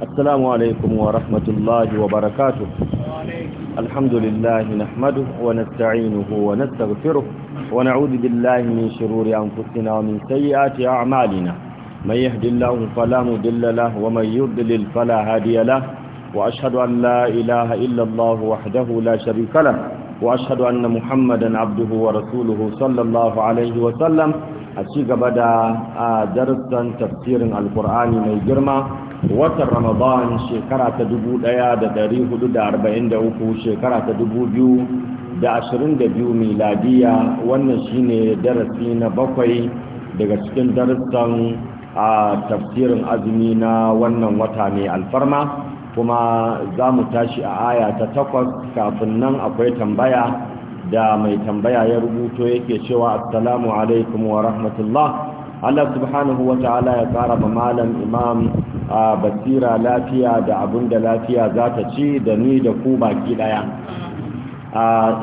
asalamu alaikum wa rahmatullahi wa barakatuh. Alhamdulillah nahmaduhu wa nasta'inuhu wa nastaghfiruh wa na'udhu billahi min shururi anfusina wa min sayyiati a'malina. Man yahdihillahu fala mudilla lahu wa man yudlil fala hadiya lahu. Wa ashhadu an la ilaha illa Allah wahdahu la sharika wa ashhadu anna Muhammadan abduhu wa rasuluhu sallallahu alayhi wa sallam. A cigaba da darussan tafsirin Alkur'ani mai girma watan ramadan shekara ta 1443 shekara ta 2022 miladiya wannan shine darasi na bakwai daga cikin darussan a tafsirin azumi na wannan wata ne alfarma kuma za mu tashi a aya ta takwas kafin nan akwai tambaya da mai tambaya ya rubuto yake cewa assalamu alaikum wa rahmatullah Allah subhanahu wa ta'ala ya tsara ma malam imam a basira lafiya da abun da lafiya za ta ci da ni da ku baki ɗaya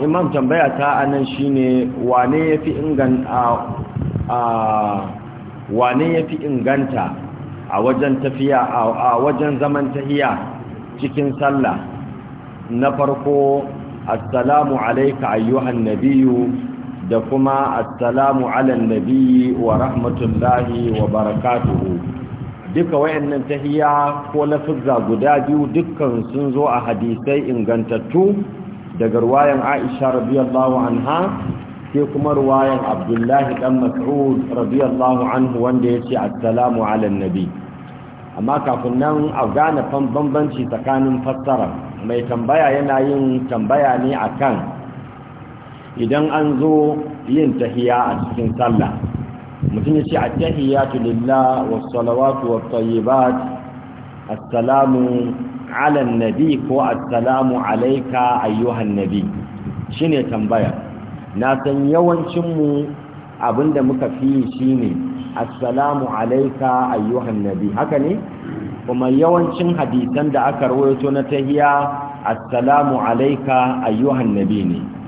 imam tambaya ta anan shine wane ya fi inganta a wajen tafiya a wajen zaman tahiya cikin sallah na farko assalamu alaika ayyuhan Nabiyu. da kuma assalamu ala nabiyyi wa rahmatullahi wa barakatuhu duka wayannan tahiyya ko lafuzza guda biyu dukkan sun zo a hadisai ingantattu daga ruwayan Aisha radiyallahu anha sai kuma ruwayan Abdullahi dan Mas'ud radiyallahu anhu wanda yace assalamu ala nabiyyi amma kafin nan a gane bambanci tsakanin fassara mai tambaya yana yin tambaya ne akan idan an zo yin tahiya a cikin sallah mutum ya ce a tahiyatu lillah wa salawatu wa tayyibat assalamu ala nabi ko assalamu alaika ayyuhan nabi shine tambaya na san yawancin mu abinda muka fi shine assalamu alaika ayyuhan nabi haka ne kuma yawancin hadisan da aka rawaito na tahiya assalamu alaika ayyuhan nabi ne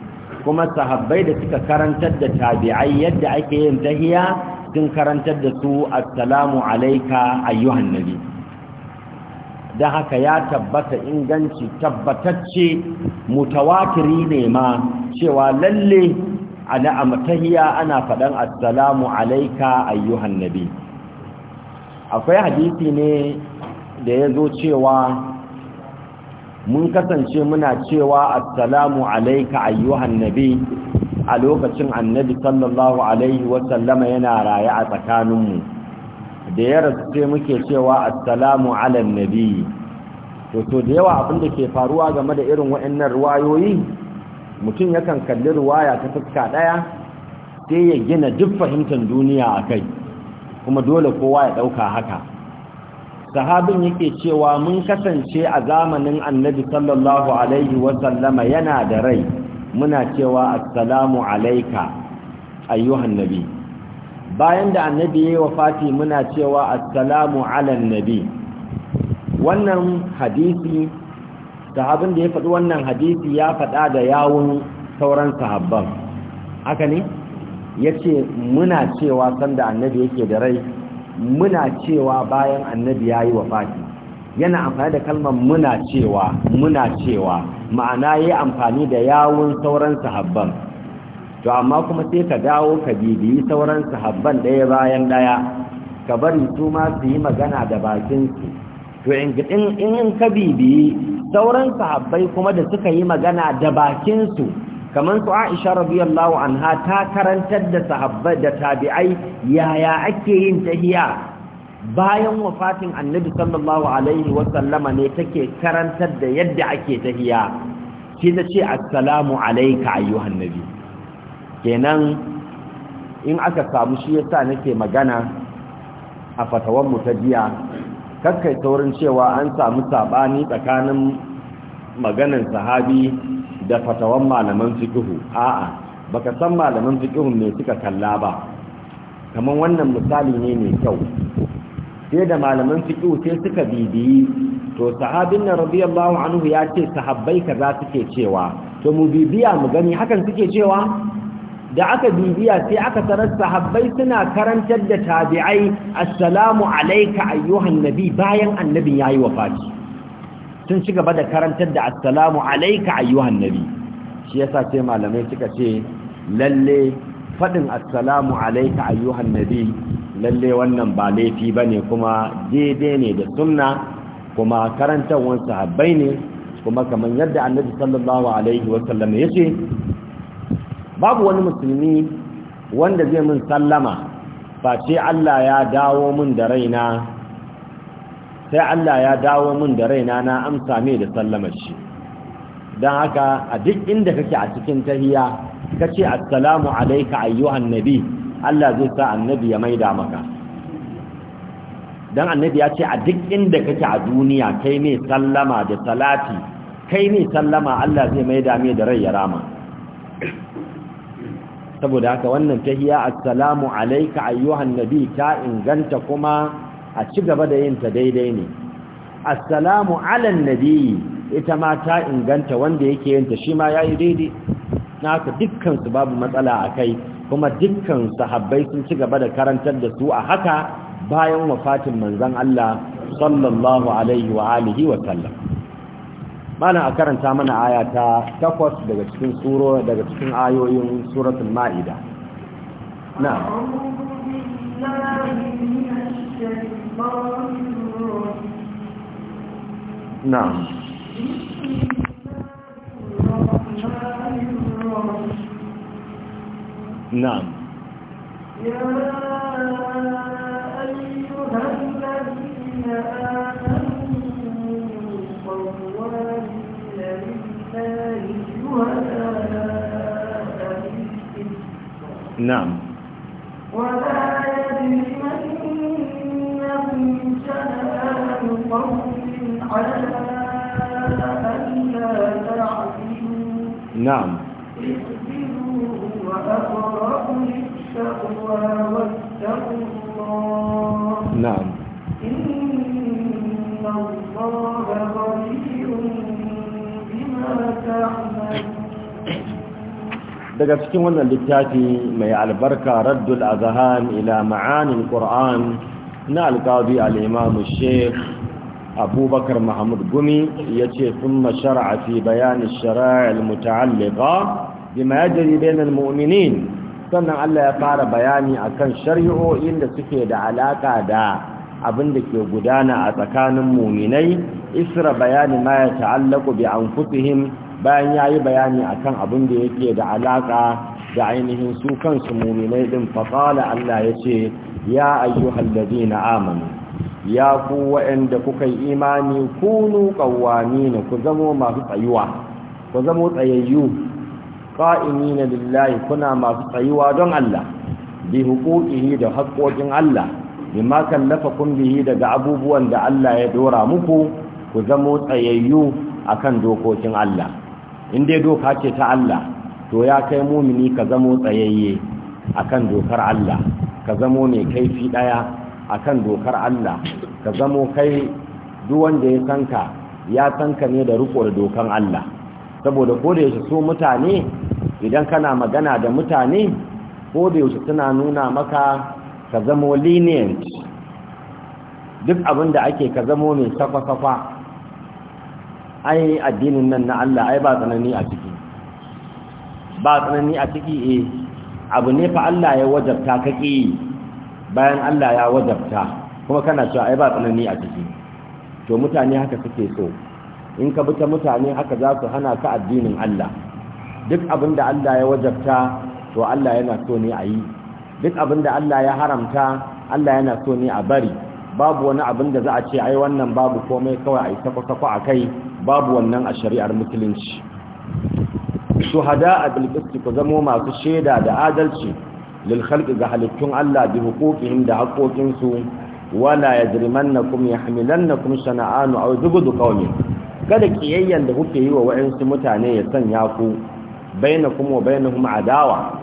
kuma sahabbai da suka karantar da tabi'ai yadda ake yin tahiya sun karantar da su assalamu alayka ayyuhan nabi da haka ya tabbata inganci tabbatacce mutawatiri ne ma cewa lalle ana amtahiya ana faɗan assalamu alaika ayyuhan nabi akwai hadisi ne da ya zo cewa mun kasance muna cewa assalamu alayka ayyuhan nabi a lokacin annabi sallallahu alaihi sallama yana raye a tsakaninmu da ya rasu sai muke cewa assalamu ala nabi to da yawa abin da ke faruwa game da irin waɗannan ruwayoyi mutum yakan kalli ruwaya ta fuska ɗaya sai ya gina duk fahimtar duniya a kai kuma dole kowa ya ɗauka haka sahabin yake cewa mun kasance a zamanin annabi sallallahu alaihi wasallama yana da rai muna cewa assalamu alaika ayyuhan nabi bayan da annabi ya yi wafati muna cewa assalamu ala nabi wannan hadisi sahabin da ya faɗi wannan hadisi ya faɗa da yawun sauran sahabban haka ne ya ce muna cewa sanda annabi yake da rai muna cewa bayan annabi ya yi wafati yana amfani da kalmar muna cewa muna cewa ma'ana ya yi amfani da yawun sauran sahabban to amma kuma sai ka dawo ka bibiyi sauran sahabban ɗaya bayan ɗaya ka bari su ma su yi magana da bakinsu to in ka bibiyi sauran sahabbai kuma da suka yi magana da bakinsu kamar su Aisha radiyallahu anha ta karantar da sahabbai da tabi'ai yaya ake yin tahiya bayan wafatin Annabi sallallahu alaihi wa sallama ne take karantar da yadda ake tahiya shi ta ce assalamu alayka ayyuhan nabi kenan in aka samu shi yasa nake magana a fatawar mu ta jiya kakkai saurin cewa an samu sabani tsakanin maganan sahabi da fatawan malaman fikihu a'a baka san malaman fikihu ne suka kalla ba kamar wannan misali ne mai kyau sai da malaman fikihu sai suka bibiyi to sahabin na radiyallahu anhu ya ce sahabbai kaza suke cewa to mu bibiya mu gani hakan suke cewa da aka bibiya sai aka tarar sahabbai suna karantar da tabi'ai assalamu alayka ayyuhan nabi bayan annabin yayi wafati sun ci gaba da karantar da assalamu alayka ayyuhan nabi shi yasa sai malamai suka ce lalle fadin assalamu alayka ayyuhan nabi lalle wannan ba laifi bane kuma daidai ne da sunna kuma karantawan sahabbai ne kuma kamar yadda annabi sallallahu alaihi wasallam yace babu wani musulmi wanda zai min sallama face Allah ya dawo min da raina sai Allah ya dawo min da raina na amsa mai da sallamar shi don haka a duk inda kake a cikin tahiya kace assalamu alayka ayyuhan nabi Allah zai sa annabi ya maida maka dan annabi ya ce a duk inda kake a duniya kai mai sallama da salati kai mai sallama Allah zai maida mai da rai ya rama saboda haka wannan tahiya assalamu alayka ayyuhan nabi ta inganta kuma a ci gaba da yin ta daidai ne assalamu ala nabi ita ma ta inganta wanda yake yin ta shi ma yayi daidai na dukkan su babu matsala a kai, kuma dukkan sahabbai sun ci gaba da karantar da su a haka bayan wafatin manzon Allah sallallahu alaihi wa alihi wa sallam mana a karanta mana aya ta takwas daga cikin suro daga cikin ayoyin suratul ma'ida na'am نعم نعم يا أيها الذين آمنوا قوام لله شهداء نعم نعم نعم إن الله خبير بما تعملون daga cikin wannan littafi mai albarka raddul azhan ila ma'anin qur'an na alqadi al-imam sheikh abubakar mahmud gumi ya ce sun mashara fi bayanin shara'il muta'allika bima ya jari bainal mu'minin sannan Allah ya fara bayani akan shari'o'in da suke da alaƙa da abin da ke gudana a tsakanin mu'minai isra bayani ma ya ta'allaku bi anfusihim bayan yayi bayani akan abin da yake da alaƙa da ainihin su kansu mu'minai ɗin fa Allah Allah yace ya na amanu ya ku waɗanda kuka yi imani kunu ne ku zamo masu tsayuwa ku zamo tsayayyu qa'imina lillahi kuna masu tsayuwa don Allah bi huquqihi da haƙoƙin Allah bima lafa bihi daga abubuwan da Allah ya dora muku ku zamo tsayayyu akan dokokin Allah in dai doka ce ta Allah to ya kai mumini ka zamo tsayayye akan dokar Allah ka zamo mai kaifi ɗaya? akan dokar Allah ka zamo kai duk wanda ya san ya sanka ne da riko da dokan Allah saboda ko da yaushe mutane idan kana magana da mutane ko da yaushe nuna maka ka zamo lenient duk abin da ake ka zamo mai safa-safa ai addinin nan na Allah ai ba tsanani a ciki ba tsanani a ciki eh abu ne fa Allah ya wajabta kake bayan Allah ya wajabta kuma kana cewa ai ba tsanani a ciki to mutane haka suke so in ka bi ta mutane haka za su hana ka addinin Allah duk abin da Allah ya wajabta to Allah yana so ne a yi duk abin da Allah ya haramta Allah yana so ne a bari babu wani abin da za a ce ai wannan babu komai kawai a yi sako-sako a kai babu wannan a shari'ar musulunci shuhada a bilkisti ku zamo masu shaida da adalci lil ga halittun Allah bi huquqihim da haƙoƙin su wala yajrimannakum yahmilannakum shana'anu kada kiyayyan da kuke yi wa wa'ansu mutane ya sanya ku bainakum wa bainahum adawa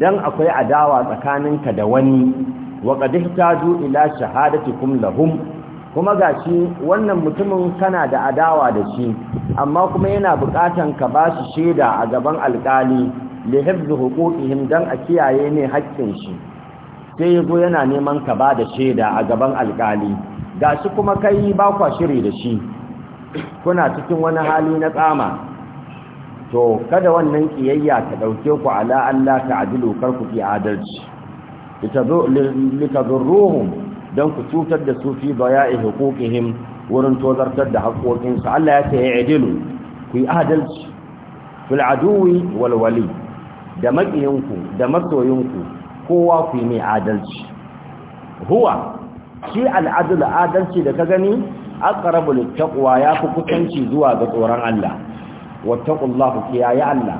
dan akwai adawa tsakaninka da wani wa qad ihtaju ila shahadatikum lahum kuma gashi wannan mutumin kana da adawa da shi amma kuma yana buƙatan ka ba shi shaida a gaban alƙali li hifzi huquqihim dan a kiyaye ne haƙƙin shi sai yazo yana neman ka ba da shaida a gaban alƙali shi kuma kai ba kwa shiri da shi kuna cikin wani hali na tsama to kada wannan ƙiyayya ta ɗauke ku ala Allah ta'dilu kar ku fi adalci litadurruhum dan ku cutar da su fi baya'i huquqihim wurin tozartar da haƙoƙinsu Allah ya ce ya adilu ku yi adalci fil aduwi wal wali da maƙiyinku da masoyinku kowa ku yi mai adalci huwa shi al'adul adalci da ka gani aqrabu littaqwa yafi kusanci zuwa ga tsoron Allah wattaqullahu kiyaye Allah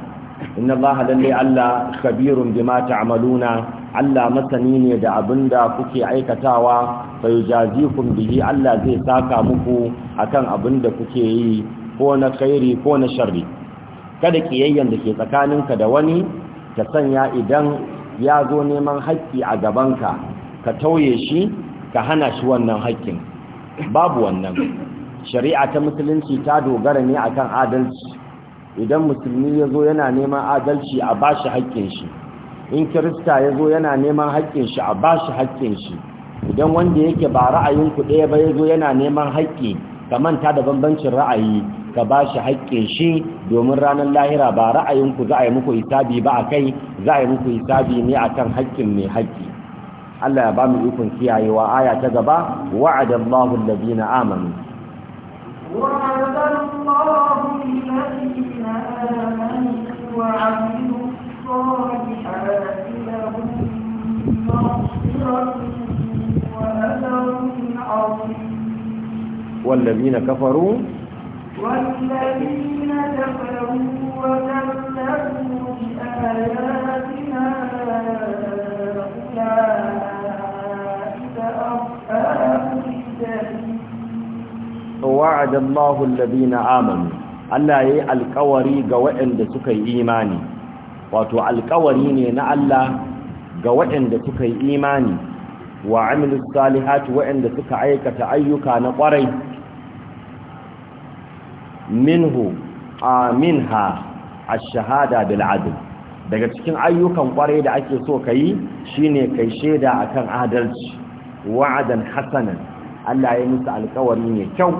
inna Allah Allah khabirun bima ta'maluna Allah masani ne da abinda kuke aikatawa fayujazikum bihi Allah zai saka muku akan abinda kuke yi ko na khairi ko na sharri kada kiyayyen da ke tsakaninka da wani ta sanya idan ya zo neman haƙƙi a gabanka ka tauye shi ka hana shi wannan haƙƙin babu wannan shari'a ta musulunci ta dogara ne akan adalci idan musulmi ya zo yana neman adalci a ba shi haƙƙin shi in kirista ya zo yana neman haƙƙin shi a ba shi haƙƙin shi idan wanda yake ba ra'ayinku ɗaya ba ya zo yana neman haƙƙi ka manta da bambancin ra'ayi ka ba shi haƙƙin shi domin ranar lahira ba ra'ayinku za a yi muku hisabi ba a kai za a yi muku hisabi ne a kan haƙƙin mai haƙƙi Allah ya ba mu ikon kiyayewa aya ta gaba wa'ada Allahu allazina na wa'ada والذين كفروا والذين كفروا وكذبوا بآياتنا أولئك أصحاب الجحيم وعد الله الذين آمنوا Allah ya yi alkawari ga waɗanda suka yi imani wato alkawari ne na Allah ga waɗanda suka yi imani wa amilus salihati waɗanda suka aikata ayyuka na ƙwarai minhu a minha a shahada bil'adil daga cikin ayyukan kwarai da ake so ka yi shine kai shaida akan adalci wa'adan hasanan Allah ya musu alkawari mai kyau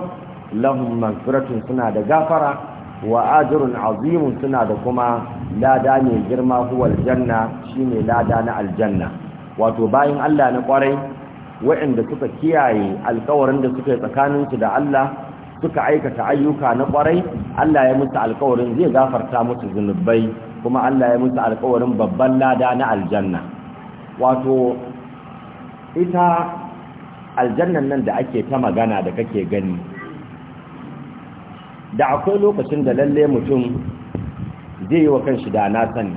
lahum magfiratun suna da gafara wa ajrun azimun suna da kuma lada mai girma huwal janna shine lada na aljanna wato bayan Allah na kwarai waɗanda suka kiyaye alkawarin da suka yi tsakaninsu da Allah suka aikata ayyuka na kwarai Allah ya musu alkawarin zai gafarta musu zunubai kuma Allah ya musu alkawarin babban lada na aljanna wato ita aljannan nan da ake ta magana da kake gani da akwai lokacin da lalle mutum zai yi wa kanshi da na sani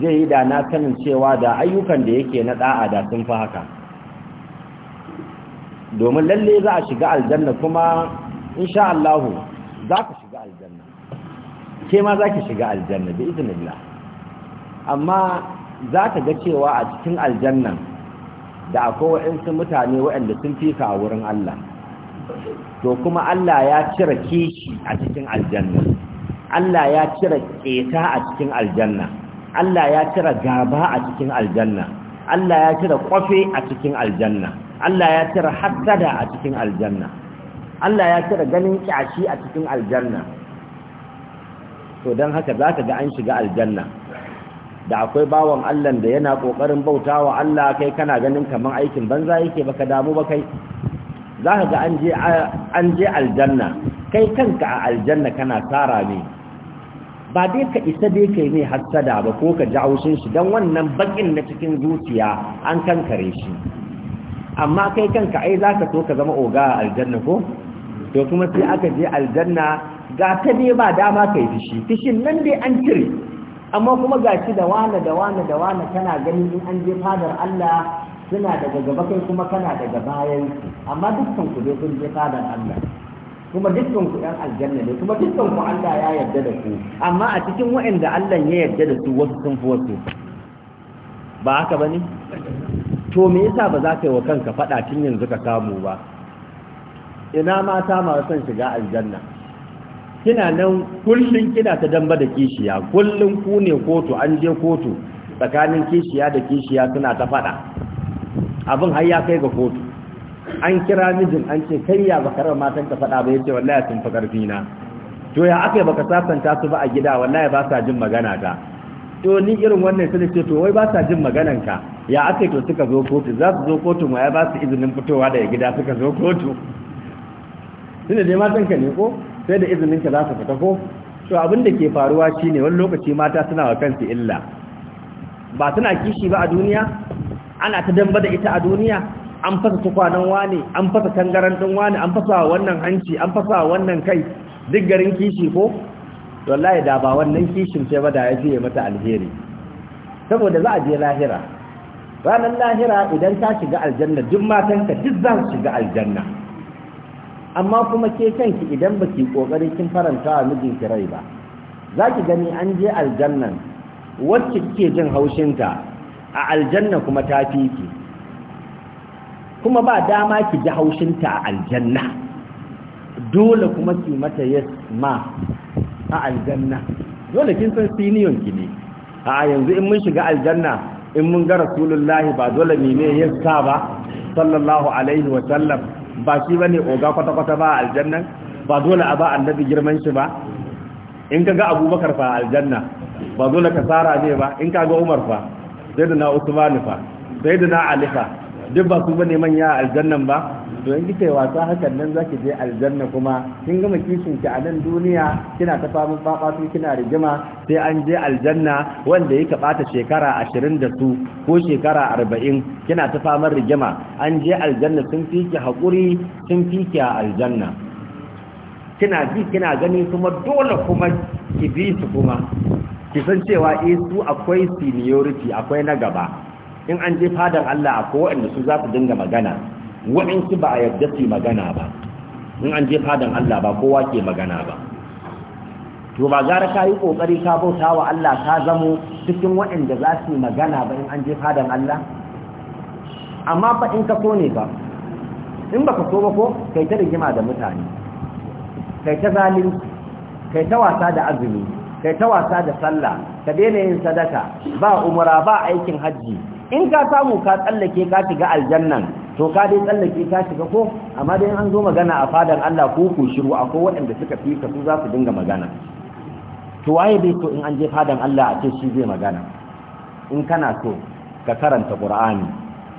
zai yi da na sanin cewa da ayyukan da yake na da'a da sun fi haka domin lalle za a shiga aljanna kuma insha Allah za ka shiga aljanna ke ma za ki shiga aljanna bi iznillah amma za ka ga cewa a cikin aljannan da akwai waɗansu mutane waɗanda sun fi ka a wurin Allah to kuma Allah ya cire kishi a cikin aljanna Allah ya cire ƙeta a cikin aljanna Allah ya cire gaba a cikin aljanna Allah ya cire kwafe a cikin aljanna Allah ya cire hasada a cikin aljanna Allah ya cire ganin kyashi a cikin aljanna to don haka za ka ga an shiga aljanna da akwai bawan Allah da yana ƙoƙarin bautawa Allah kai kana ganin kamar aikin banza yake baka damu ba kai za ka ga an je aljanna kai kanka a aljanna kana tsara ne ba dai ka isa dai kai ne hassada ba ko ka ji haushin shi dan wannan bakin na cikin zuciya an kankare shi amma kai kanka ai za ka so ka zama oga a aljanna ko to kuma sai aka je aljanna ga ta ne ba dama kai fishi fishin nan dai an cire amma kuma ga shi da wane da wane da wane kana ganin in an je fadar Allah suna daga gaba kai kuma kana daga bayan su amma dukkan ku dai kun je fadar Allah kuma dukkan ku ɗan aljanna ne kuma dukkan ku Allah ya yarda da ku amma a cikin waɗanda Allah ya yarda da su wasu sun fi wasu ba haka bane to me yasa ba za ka yi wa kanka faɗa tun yanzu ka samu ba ina mata masu son shiga aljanna kina nan kullum kina ta damba da kishiya kullum ku ne kotu an je kotu tsakanin kishiya da kishiya suna ta faɗa abin har ya kai ga kotu an kira mijin an ce kai ya baka rawa matan ka faɗa ba yace wallahi sun fi karfi na to ya aka baka sasanta su ba a gida wallahi ba sa jin magana ta to ni irin wannan sai ce to wai ba sa jin maganan ka ya ake to suka zo kotu za su zo kotu ma ya ba su izinin fitowa daga gida suka zo kotu da dai matanka ne ko sai da izininka za su fita ko to abin da ke faruwa shine wani lokaci mata suna wa kansu illa ba suna kishi ba a duniya ana ta damba da ita a duniya an fasa tukwanan wane an fasa tangaran din wane an fasa wannan hanci an fasa wannan kai duk garin kishi ko wallahi da ba wannan kishin sai ba da ya je mata alheri saboda za a je lahira ranar lahira idan ta shiga aljanna duk matanka duk za su shiga aljanna amma kuma ke kanki idan ba ki kokari kin faranta wa mijinki rai ba za ki gani an je aljannan wacce kike jin haushinta a aljanna kuma ta fi ki kuma ba dama ki ji haushinta a aljanna dole kuma ki mata yes ma a aljanna dole kin san siniyon ki ne a yanzu in mun shiga aljanna in mun ga rasulullahi ba dole ne ne ya sa ba sallallahu alaihi wa sallam ba shi bane oga kwata kwata ba aljanna ba dole a ba annabi girman shi ba in ka ga abubakar fa aljanna ba dole ka sara ne ba in ka ga umar fa sai da na usman fa sai da na ali fa duk ba su bane manya aljannan ba to in wasa hakan nan zaki je aljanna kuma kin gama kishin ki a nan duniya kina ta famu babatu kina rigima sai an je aljanna wanda yake bata shekara 20 da su ko shekara 40 kina ta famar rigima an je aljanna sun fi ki hakuri sun fi ki a aljanna kina ji kina gani kuma dole kuma ki bi su kuma ki san cewa eh su akwai seniority akwai na gaba in an je Fadar Allah akwai wanda su za su dinga magana wa'insu ba a yadda su magana ba in an je fadan Allah ba kowa ke magana ba to ba gara ka yi kokari ka bauta wa Allah ka zamo cikin waɗanda za su magana ba in an je fadan Allah amma fa in ka so ne ba in ba ka so ba ko kai ta rigima da mutane kai ta zalim kai ta wasa da azumi kai ta wasa da sallah ka daina yin sadaka ba umra ba aikin haji in ka samu ka tsallake ka shiga aljannan to ka dai tsallake ta shiga ko amma dai an zo magana a fadar Allah ko ku shiru akwai waɗanda suka fi ka su za su dinga magana to waye bai to in an je fadan Allah a ce shi zai magana in kana so ka karanta Qur'ani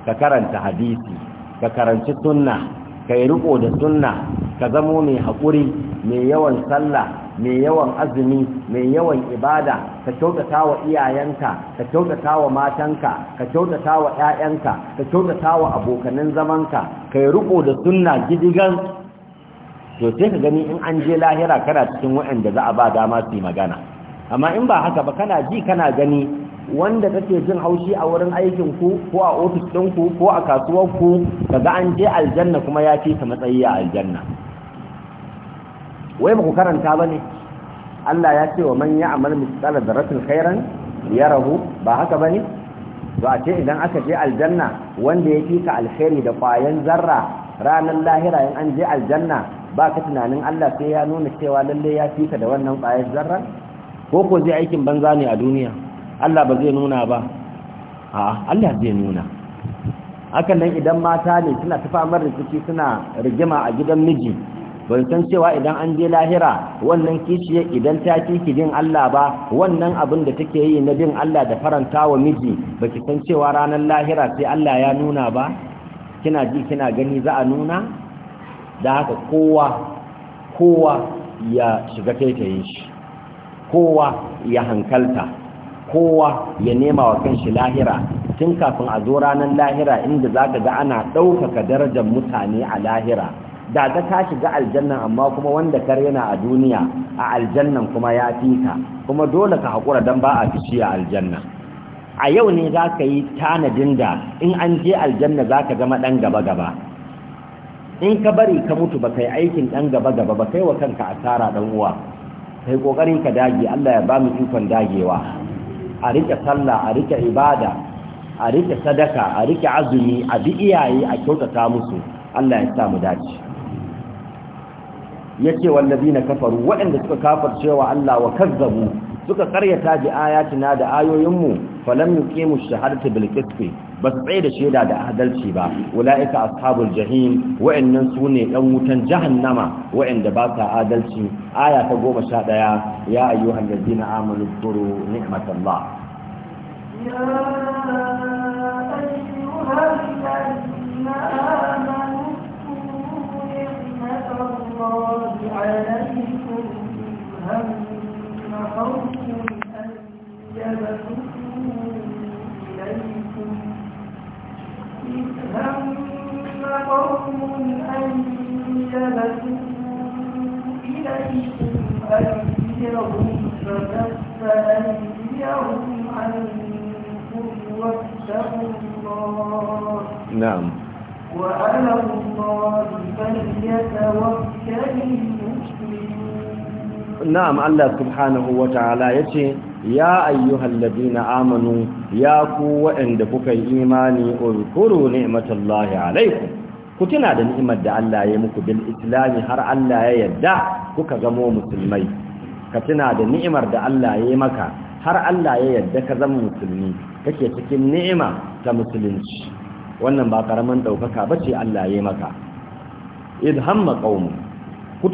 ka karanta hadisi ka karanci sunna ka yi riko da sunna ka zamo mai haƙuri mai yawan sallah mai yawan azumi mai yawan ibada ka kyautata wa iyayenka ka kyautata wa matanka ka kyautata wa ƴaƴanka ka kyautata wa abokanin zamanka kai yi riko da sunna gidigan to sai ka gani in an je lahira kana cikin waɗanda za a ba dama su magana amma in ba haka ba kana ji kana gani wanda kake jin haushi a wurin aikin ku ko a ofis ɗinku ko a kasuwar ku kaga an je aljanna kuma ya fi ka matsayi a aljanna wai ba ku karanta ba ne Allah ya ce wa man ya amal misqala dharratin khairan yarahu ba haka bane to a ce idan aka je aljanna wanda ya fika alkhairi da kwayan zarra ranar lahira in an je aljanna ba ka tunanin Allah sai ya nuna cewa lalle ya fika da wannan kwayan zarra ko ko zai aikin banza ne a duniya Allah ba zai nuna ba a Allah zai nuna hakan nan idan mata ne suna tafamar rikici suna rigima a gidan miji ban san cewa idan an je lahira wannan kishiyar idan ta ki bin Allah ba wannan abin da take yi na bin Allah da faranta wa miji baki san cewa ranar lahira sai Allah ya nuna ba kina ji kina gani za a nuna da haka kowa kowa ya shiga taitayin shi kowa ya hankalta kowa ya nema wa kanshi lahira tun kafin a zo ranar lahira inda za ga ana ɗaukaka darajar mutane a lahira da ga ta shiga aljanna amma kuma wanda kar yana a duniya a aljanna kuma ya ka, kuma dole ka haƙura don ba a fici a aljanna a yau ne za ka yi tanadin da in an je aljanna za ka zama ɗan gaba-gaba in ka bari ka mutu ba kai aikin ɗan gaba-gaba ba kai wa kanka asara ɗan uwa kai ƙoƙarin ka dage Allah ya ba mu ikon dagewa a rike sallah a rike ibada a rike sadaka a rike azumi a bi iyaye a kyautata musu Allah ya sa mu dace yace wallazina kafaru waɗanda suka kafirce cewa Allah wa kazzabu suka karyata bi ayatina da ayoyinmu falam yuqimu shahadati bil qisti bas tsaye da sheda da adalci ba ulaika ashabul jahim wa'annan sune dan wutan jahannama wa'anda ba ta adalci aya ta 11 ya ayyuhal ladina amanu zkuru ni'matallah ya ayyuhal ladina amanu إليكم إذ هم قوم أن يبسطوا إليكم أيديهم فكف أيديهم عنكم واتقوا الله نعم وعلى الله فليتوكل المسلمون نعم ya سبحانه وتعالى يتي يا أيها الذين آمنوا يا كو عندك إيماني اذكروا نعمة الله عليكم كتنا da ni'imar da Allah ya muku bil islami har Allah ya yadda kuka zamo musulmai ka tuna da ni'imar da Allah ya yi maka har Allah ya yadda ka zama musulmi kake cikin ni'ima ta musulunci wannan ba karaman ɗaukaka ba ce Allah ya maka idhamma qaumu ku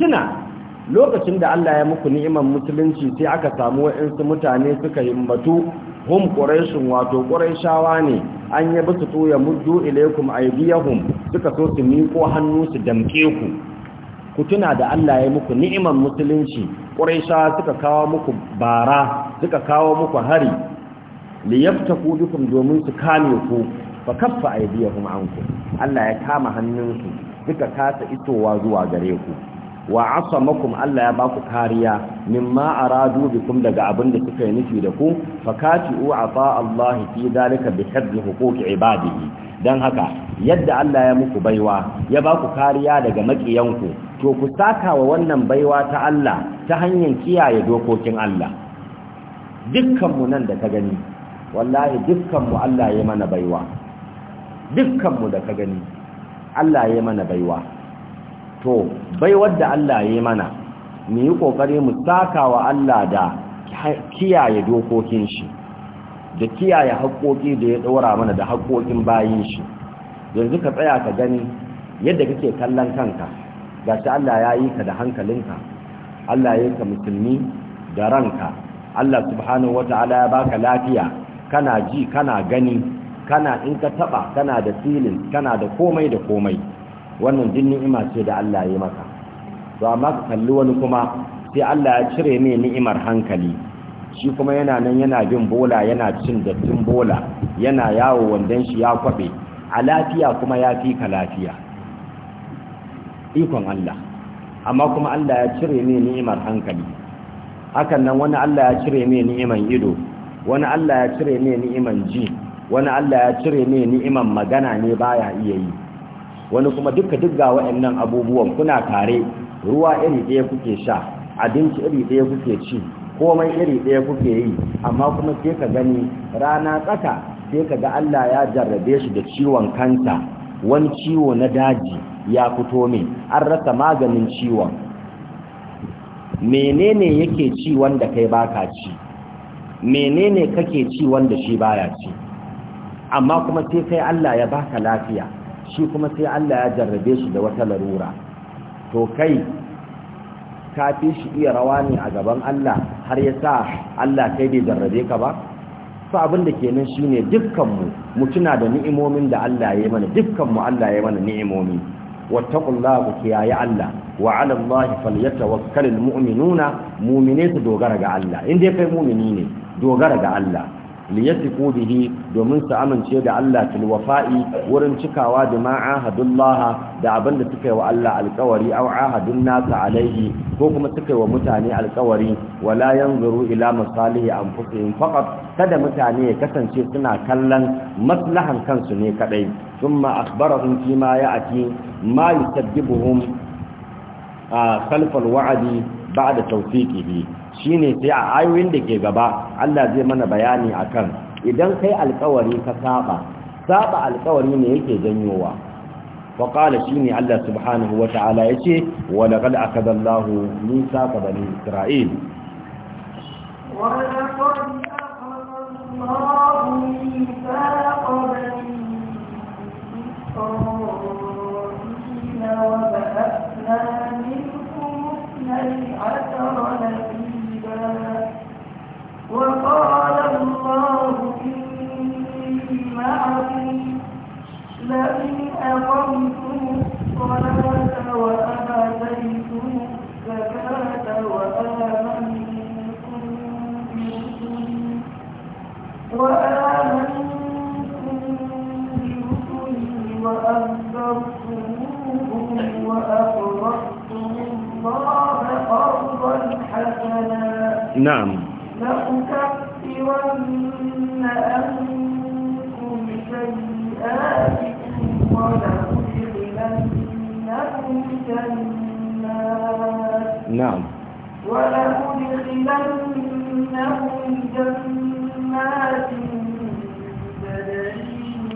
lokacin da Allah ya muku ni'imar musulunci sai aka samu wa'ansu mutane suka himmatu hum quraishun wato quraishawa ne an yi bisu to ya muddu ilaikum aydiyahum suka so su miko hannu su damke ku kutuna da Allah ya muku ni'imar musulunci quraishawa suka kawo muku bara suka kawo muku hari liyaftaku bikum domin su kame ku fa kaffa aydiyahum ankum Allah ya kama hannunsu duka kasa itowa zuwa gare ku wa asamakum Allah ya baku kariya mimma aradu bikum daga abin da suka yi nufi da ku fakati ata Allah fi dalika bi hadd huquqi ibadihi dan haka yadda Allah ya muku baiwa ya baku kariya daga makiyanku to ku saka wa wannan baiwa ta Allah ta hanyar kiyaye dokokin Allah dukkan nan da ka gani wallahi dukkanmu Allah ya mana baiwa dukkanmu da ka gani Allah ya mana baiwa to baiwar da Allah ya mana mu yi kokari mu saka Allah da kiyaye dokokin shi da kiyaye haƙoƙi da ya dora mana da haƙoƙin bayin shi yanzu ka tsaya ka gani yadda kake kallon kanka ga shi Allah ya yi ka da hankalinka Allah ya yi ka musulmi da ranka Allah subhanahu wata'ala ya baka lafiya kana ji kana gani kana in ka taba kana da silin kana da komai da komai wannan jin ni'ima ce da Allah ya maka to amma ka kalli wani kuma sai Allah ya cire mai ni'imar hankali shi kuma yana nan yana bin bola yana cin dattin bola yana yawo wandan shi ya kwabe a lafiya kuma ya fi ka lafiya ikon Allah amma kuma Allah ya cire mai ni'imar hankali hakan nan wani Allah ya cire mai ni'iman ido wani Allah ya cire mai ni'iman ji wani Allah ya cire ne ni'iman magana ne baya iya yi wani kuma duka duk ga waɗannan abubuwan kuna tare ruwa iri ɗaya kuke sha abinci iri ɗaya kuke ci komai iri ɗaya kuke yi amma kuma sai ka gani rana tsaka sai ka ga Allah ya jarrabe shi da ciwon kansa wani ciwo na daji ya fito min an rasa maganin ciwon menene yake ci wanda kai baka ci menene kake ci wanda shi baya ci amma kuma sai kai Allah ya baka lafiya shi kuma sai Allah ya jarrabe shi da wata larura to kai ka fi shi iya rawa ne a gaban Allah har ya sa Allah kai bai jarrabe ka ba su abin da kenan shine dukkanmu mu tuna da ni'imomin da Allah ya yi mana dukkanmu Allah ya yi mana ni'imomi wattaqullaha ku kiyaye Allah wa 'ala Allah falyatawakkalul mu'minuna mu'mine su dogara ga Allah in dai kai mu'mini ne dogara ga Allah liyatiqu bihi domin su amince da Allah fil wafa'i wurin cikawa da ma'ahadullah da abin da suka yi wa Allah alƙawari aw ahadun nasa alaihi ko kuma suka yi wa mutane alƙawari wala yanzuru ila masalihi anfusihim faqat kada mutane ya kasance suna kallon maslahan kansu ne kadai thumma akhbarahum fima ya'ti ma yusabbibuhum salfal wa'adi ba'da tawfiqihi shine sai a ayoyin da ke gaba Allah zai mana bayani akan idan kai alƙawari ka saba saba alƙawari ne yake janyowa wa qala shine Allah subhanahu wa ta'ala yace wa laqad akada Allah misa bani Isra'il wa laqad Isra'il عشر نسيبا وقال الله إني معكم لئن أقمتم الصلاة وآتيتم الزكاة وآمنتم برسلي نعم لأكفرن أنكم سيئاتكم ولأدخلنكم جنات نعم ولأدخلنهم جنات تدري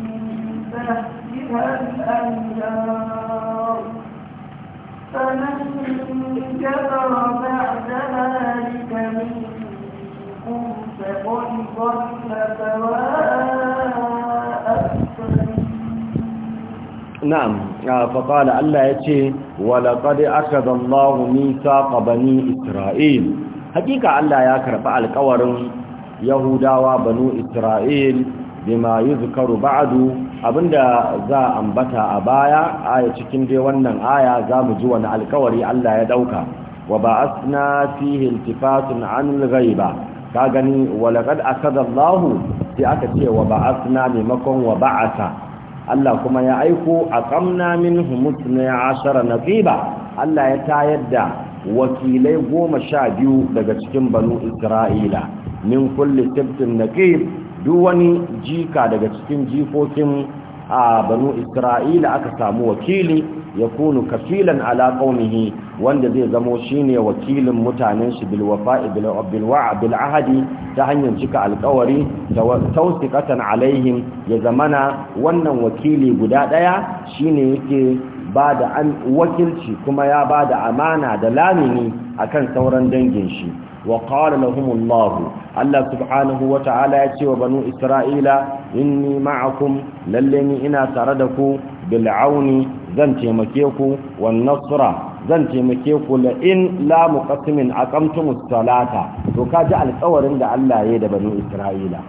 من تحتها الأنهار بعد ذلك نعم آه، فقال الله يتي ولقد أخذ الله ميثاق بني إسرائيل حقيقة الله يا على القورن يهودا وبنو إسرائيل بما يذكر بعد abinda za a ambata a baya aya cikin dai wannan aya za mu ji wani alkawari Allah ya dauka wa ba'athna fihi iltifatun anil ghaiba ka gani wa laqad akada Allah sai aka ce wa ba'athna maimakon wa ba'atha Allah kuma ya aiko aqamna minhum 12 naqiba Allah ya tayar da wakilai 12 daga cikin banu Isra'ila min kulli tibtin naqib duk wani jika daga cikin jikokin a banu isra'ila aka samu wakili ya kunu kafilan ala wanda zai zamo shine wakilin mutanen shi bil wafa'i bil bil ahadi ta hanyar cika alƙawari tawsiqatan alaihim ya zamana wannan wakili guda daya shine yake bada da wakilci kuma ya bada amana da lamini akan sauran dangin shi wa qala lahum Allah Allah subhanahu wa ta'ala ya ce wa banu Isra'ila inni ma'akun lalle ni ina tare da ku bil'auni, zan taimake ku Wannan nasra zan taimake ku la in la muqaddimin aqamtumus salata to ji alƙawarin da Allah ya da banu Isra'ila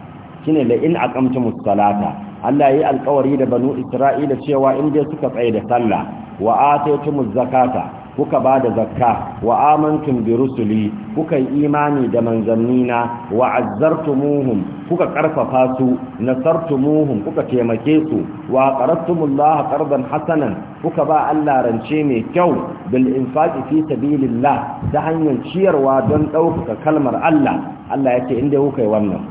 shine la in salata Allah ya alƙawari da banu Isra'ila cewa in dai suka tsaye da sallah wa ataytumuz zakata kuka ba da zakka wa amantum bi rusuli kuka yi imani da manzannina wa azzartumuhum kuka karfafa su nasartumuhum kuka taimake su wa qaradtumullaha qardan hasanan kuka ba Allah rance mai kyau bil infaqi fi sabilillah ta hanyar ciyarwa don ɗaukaka kalmar Allah Allah yake inda kuka yi wannan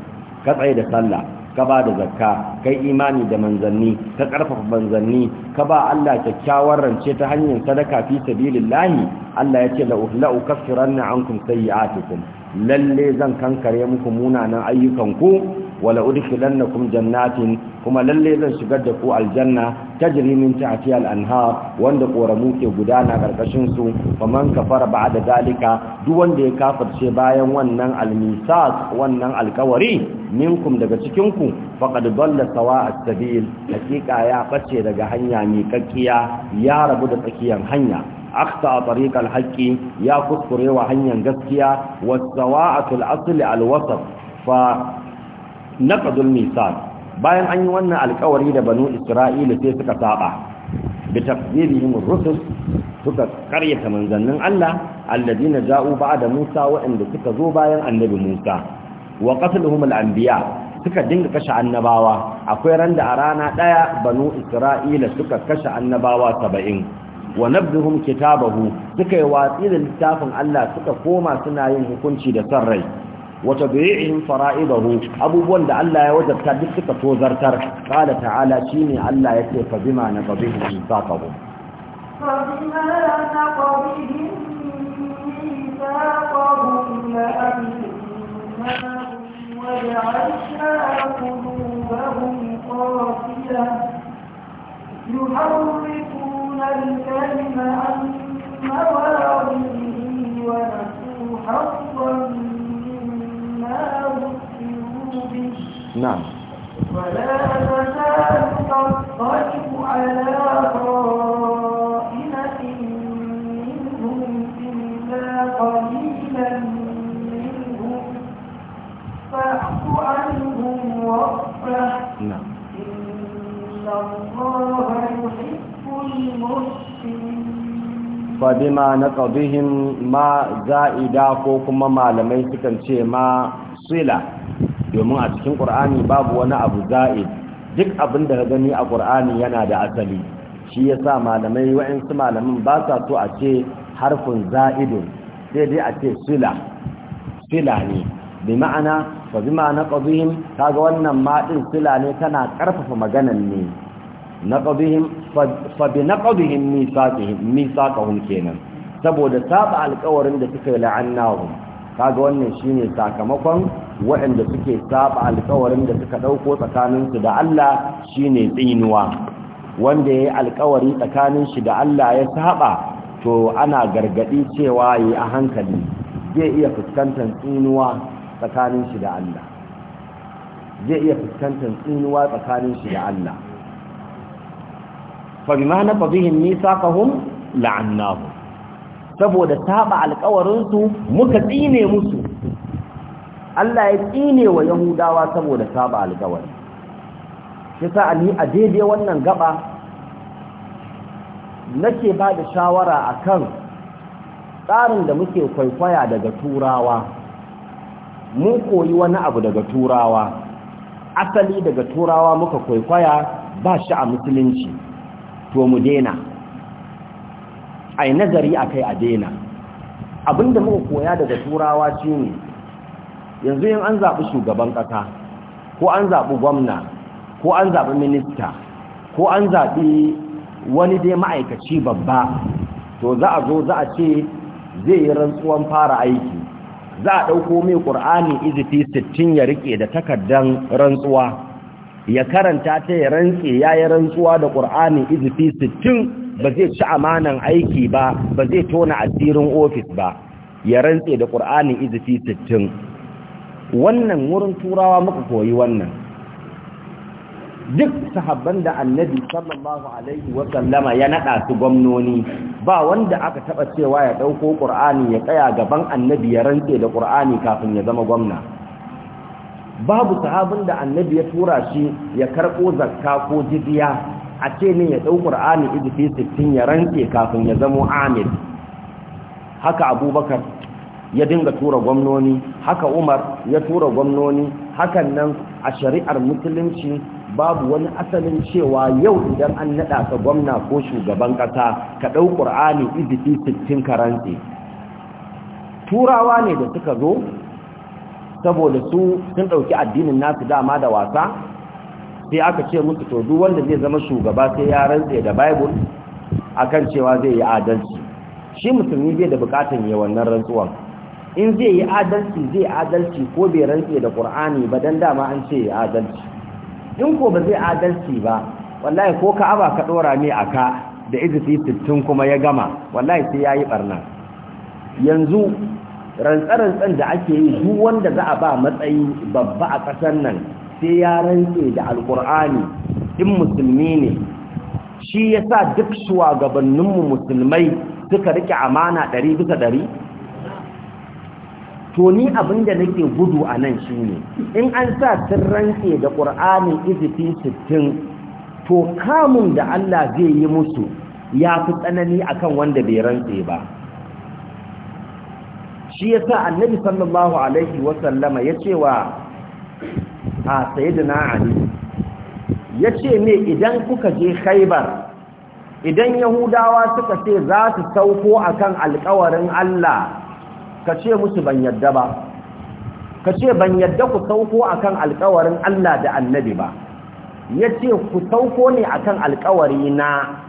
ka tsaye da sallah ka ba da zakka kai imani da manzanni ka karfafa manzanni ka ba Allah kyakkyawar rance ta hanyar sadaka fi sabilillahi Allah yace la uhlau kaffiranna ankum sayi'atikum lalle zan kankare muku munanan ayyukanku wala udkhilannakum jannatin kuma lalle zan shigar da ku aljanna tajri min tahtiha al-anhar wanda koramu ke gudana karkashin su faman kafara ba'da zalika duk wanda ya kafirce bayan wannan al-misas wannan alkawari minkum daga cikin ku faqad dalla sawa as-sabil hakika ya bace daga hanya mai kakkiya ya rabu da tsakiyar hanya a أخطأ طريق الحق يا كسكري وهنيا قسكيا والسواءة الأصل al ف naqdul mithaq bayan an yi wannan alƙawari da banu isra'ila sai suka saba bi takdhibihim ar-rusul suka karyata manzannin Allah alladina ja'u ba'da Musa waɗanda suka zo bayan annabi Musa wa qatluhum al-anbiya suka dinga kashe annabawa akwai randa a rana daya banu Isra'ila suka kashe annabawa 70 wa nabduhum kitabahu suka yi watsi da littafin Allah suka koma suna yin hukunci da sarrai وتبعيعهم فرائضه أبو بوان دعلا يوجد كالبسكة تر قال تعالى شيني ألا يكف بما نقضيهم إن ساقهم فبما نقضيهم وَجَعَلْنَا قُلُوبَهُمْ قَاسِيَةً يُحَرِّفُونَ الْكَلِمَ عَن مَّوَاضِعِهِ وَنَسُوا حَظًّا نعم ولا تزال تطلع على قائمة منهم إلا قليلا منهم فاعف عنهم واصفح نعم إن الله يحب المحسنين fadima na ƙabihin ma za'ida ko kuma malamai sukan ce ma sila domin a cikin ƙur'ani babu wani abu za'id duk abin da ka gani a ƙur'ani yana da asali shi ya sa malamai wa'insu malamin ba sa so a ce harfin za'idun sai dai a ce sila sila ne bi ma'ana fadima na ta kaga wannan maɗin sila ne tana ƙarfafa maganan ne na fa bi naqdihim mithaqihim kenan saboda saba alƙawarin da suka yi la'annahum kaga wannan shine sakamakon waɗanda suke saba alƙawarin da suka dauko tsakaninsu da Allah shine tsinuwa wanda yayi alƙawari tsakanin shi da Allah ya saba to ana gargadi cewa yi a hankali zai iya fuskantar tsinuwa tsakanin shi da Allah zai iya fuskantar tsinuwa tsakanin shi da Allah na فبما nisa ميثاقهم لعناهم saboda saba alkawarinsu muka tsine musu Allah ya tsine wa Yahudawa saboda saba alƙawari shi sa ali a daidai wannan gaba nake ba da shawara a kan tsarin da muke kwaikwaya daga turawa mun koyi wani abu daga turawa asali daga turawa muka kwaikwaya ba shi a musulunci to mu dena ai nazari akai a dena abinda muka koya daga turawa shine yanzu in an zaɓi shugaban ƙasa ko an zaɓi gwamna ko an zaɓi minista ko an zaɓi wani dai ma'aikaci babba to za a zo za a ce zai yi rantsuwan fara aiki za a ɗauko mai ƙur'ani izifi sittin ya riƙe da takardan rantsuwa ya karanta ta ya rantse ya yi rantsuwa da ƙur'ani izifi sittin ba zai ci amanan aiki ba ba zai tona asirin ofis ba ya rantse da ƙur'ani izifi sittin wannan wurin turawa muka koyi wannan duk sahabban da annabi sallallahu alaihi wa sallama ya naɗa su gwamnoni ba wanda aka taɓa cewa ya ɗauko ƙur'ani ya tsaya gaban annabi ya rantse da ƙur'ani kafin ya zama gwamna babu sahabin da annabi ya tura shi ya karɓo zakka ko jidiya a ce ne ya ɗau ƙur'ani fi sittin ya rantse kafin ya zamo amir haka abubakar ya dinga tura gwamnoni haka umar ya tura gwamnoni hakan nan a shari'ar musulunci babu wani asalin cewa yau idan an naɗa ka gwamna ko shugaban ƙasa ka ɗau ƙur'ani fi sittin ka rantse turawa ne da suka zo saboda su sun ɗauki addinin nasu dama da wasa sai aka ce musu to duk wanda zai zama shugaba sai ya rantse da bible akan cewa zai yi adalci shi musulmi bai da bukatan yi wannan rantsuwan in zai yi adalci zai adalci ko bai rantse da qur'ani ba dan dama an ce ya adalci in ko ba zai adalci ba wallahi ko ka ka'aba ka dora ne aka da izifi tun kuma ya gama wallahi sai yayi barna yanzu rantsarantsan da ake yi duk wanda za a ba matsayi babba a ƙasar nan sai ya rantse da alƙur'ani in musulmi ne shi ya sa duk shugabanninmu musulmai suka rike amana ɗari bisa ɗari to ni abin da nake gudu a nan shi in an sa sun rantse da ƙur'anin izifi sittin to kamun da allah zai yi musu ya fi tsanani akan wanda bai rantse ba shi ya sa annabi sallallahu alaihi wa sallama ce wa a sayyidina ali ya ce ne idan kuka je khaibar idan yahudawa suka ce za su sauko akan alƙawarin Allah ka ce musu ban yadda ba ka ce ban yadda ku sauko akan alƙawarin Allah da annabi ba ya ce ku sauko ne akan alƙawari na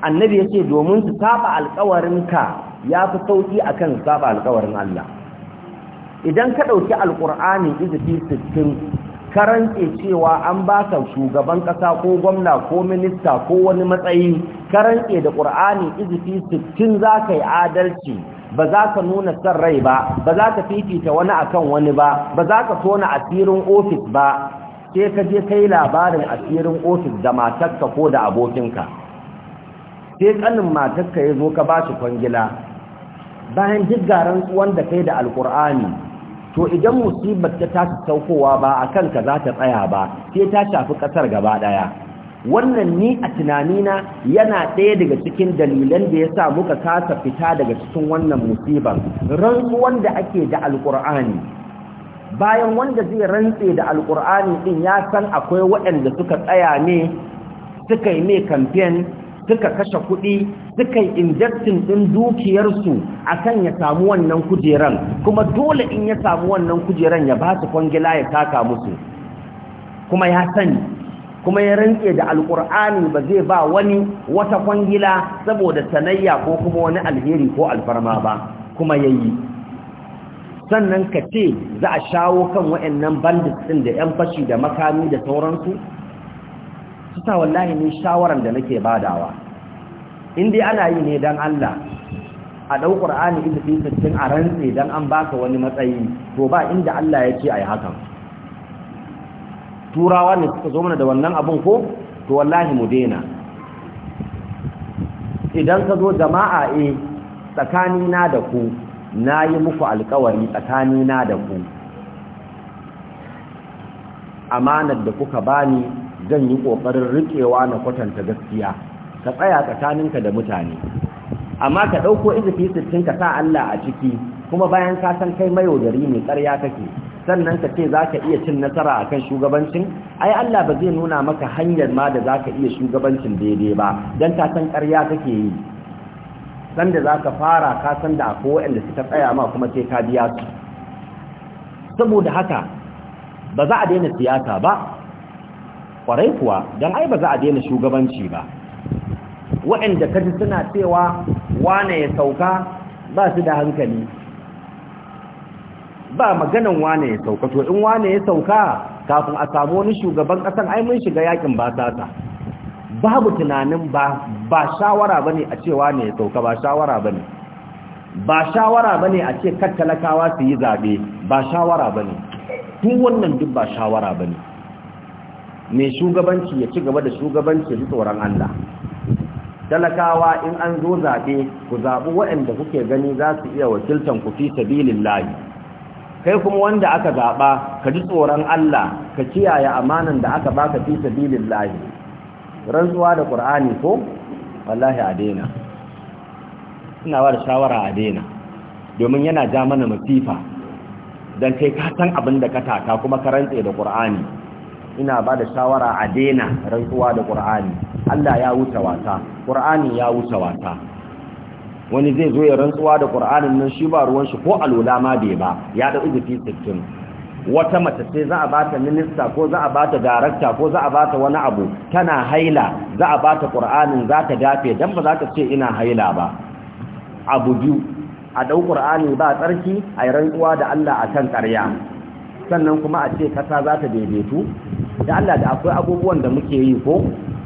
annabi ya ce domin su saba alƙawarin ka ya fi sauki kan saba alkawarin Allah idan ka ɗauki alkur'ani izifi sittin karance cewa an ba ka shugaban ƙasa ko gwamna ko minista ko wani matsayi karance da ƙur'ani izifi sittin za ka yi adalci ba za ka nuna son rai ba ba za ka fifita wani akan wani ba ba za ka tona asirin ofis ba sai ka je kai labarin asirin ofis da matarka ko da abokinka sai kanin matarka ya zo ka ba shi kwangila bayan duk garan da kai da alkur'ani to idan musibar ta tashi saukowa ba a kanka za ta tsaya ba sai ta shafi ƙasar gaba ɗaya wannan ni a tunani na yana ɗaya daga cikin dalilan da ya sa muka kasa fita daga cikin wannan musibar rantsuwan da ake da alkur'ani bayan wanda zai rantse da alkur'ani ɗin ya san akwai waɗanda suka tsaya ne suka yi mai kamfen suka kashe kuɗi suka yi injektin ɗin dukiyarsu a kan ya samu wannan kujeran kuma dole in ya samu wannan kujeran ya ba su kwangila ya taka musu kuma ya sani kuma ya rantse da alƙur'ani ba zai ba wani wata kwangila saboda sanayya ko kuma wani alheri ko alfarma ba kuma ya yi sannan ka ce za a shawo kan waɗannan bandits ɗin da 'yan fashi da makami da sauransu su wallahi ne shawaran da nake badawa in dai ana yi ne dan Allah a ɗau Qur'ani inda fi sittin a rantse dan an baka wani matsayi to ba inda Allah ya ce a yi hakan turawa ne suka zo mana da wannan abun ko to wallahi mu daina idan ka zo jama'a e tsakanina da ku na yi muku alkawari tsakanina da ku amanar da kuka bani zan yi ƙoƙarin riƙewa na kwatanta gaskiya ka tsaya tsakaninka da mutane amma ka ɗauko izifi sittin ka sa Allah a ciki kuma bayan ka san kai mayaudari ne ƙarya kake sannan ka ce za ka iya cin nasara akan shugabancin ai Allah ba zai nuna maka hanyar ma da za ka iya shugabancin daidai ba don ka san ƙarya kake yi sanda za ka fara ka san da akwai waɗanda suka tsaya ma kuma sai ka biya su saboda haka ba za a daina siyasa ba kwarai kuwa don ai ba za a daina shugabanci ba waɗanda kaji suna cewa wane ya sauka ba su da hankali ba maganan wane ya sauka to in wane ya sauka kafin a samu wani shugaban ƙasar, ai mun shiga yakin ta babu tunanin ba ba shawara bane a cewa ne ya sauka ba shawara bane ba shawara bane a ce kattalakawa su yi zabe ba shawara bane Tun wannan duk ba shawara bane mai shugabanci ya ci gaba da shugabanci da tsoron Allah talakawa in an zo zaɓe ku zaɓi waɗanda kuke gani za su iya wakiltan ku fi sabilin layi kai kuma wanda aka zaɓa ka ji tsoron Allah ka kiyaye amanan da aka baka fi sabilin layi rantsuwa da ƙur'ani ko wallahi a daina ina ba shawara a daina domin yana ja mana masifa don kai ka san abin da ka taka kuma ka rantse da ƙur'ani ina ba da shawara a daina rantsuwa da ƙur'ani Allah ya wuce wata ƙur'ani ya wuce wata wani zai zo ya rantsuwa da ƙur'anin nan shi ba ruwan shi ko alola ma bai ba ya da uzufi sittin wata mace sai za a ba ta minista ko za a ba ta darakta ko za a ba ta wani abu tana haila za a ba ta ƙur'anin za ta dafe don ba za ta ce ina haila ba abu biyu a ɗau ƙur'ani ba tsarki a yi rantsuwa da Allah a kan ƙarya sannan kuma a ce kasa za ta daidaitu da Allah da akwai abubuwan da muke yi ko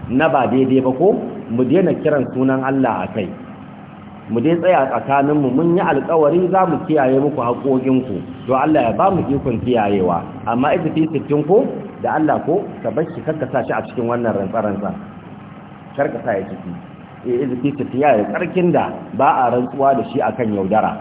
na ba daidai ba ko mu daina kiran sunan Allah a kai mu dai tsaya tsakaninmu mun yi alkawari za mu kiyaye muku haƙoƙinku to Allah ya ba mu ikon kiyayewa amma ita fi sittin ko da Allah ko ka bar shi karka sa shi a cikin wannan rantsa-rantsa karka sa ya ciki eh ita fi sittin ya karkin da ba a rantsuwa da shi akan yaudara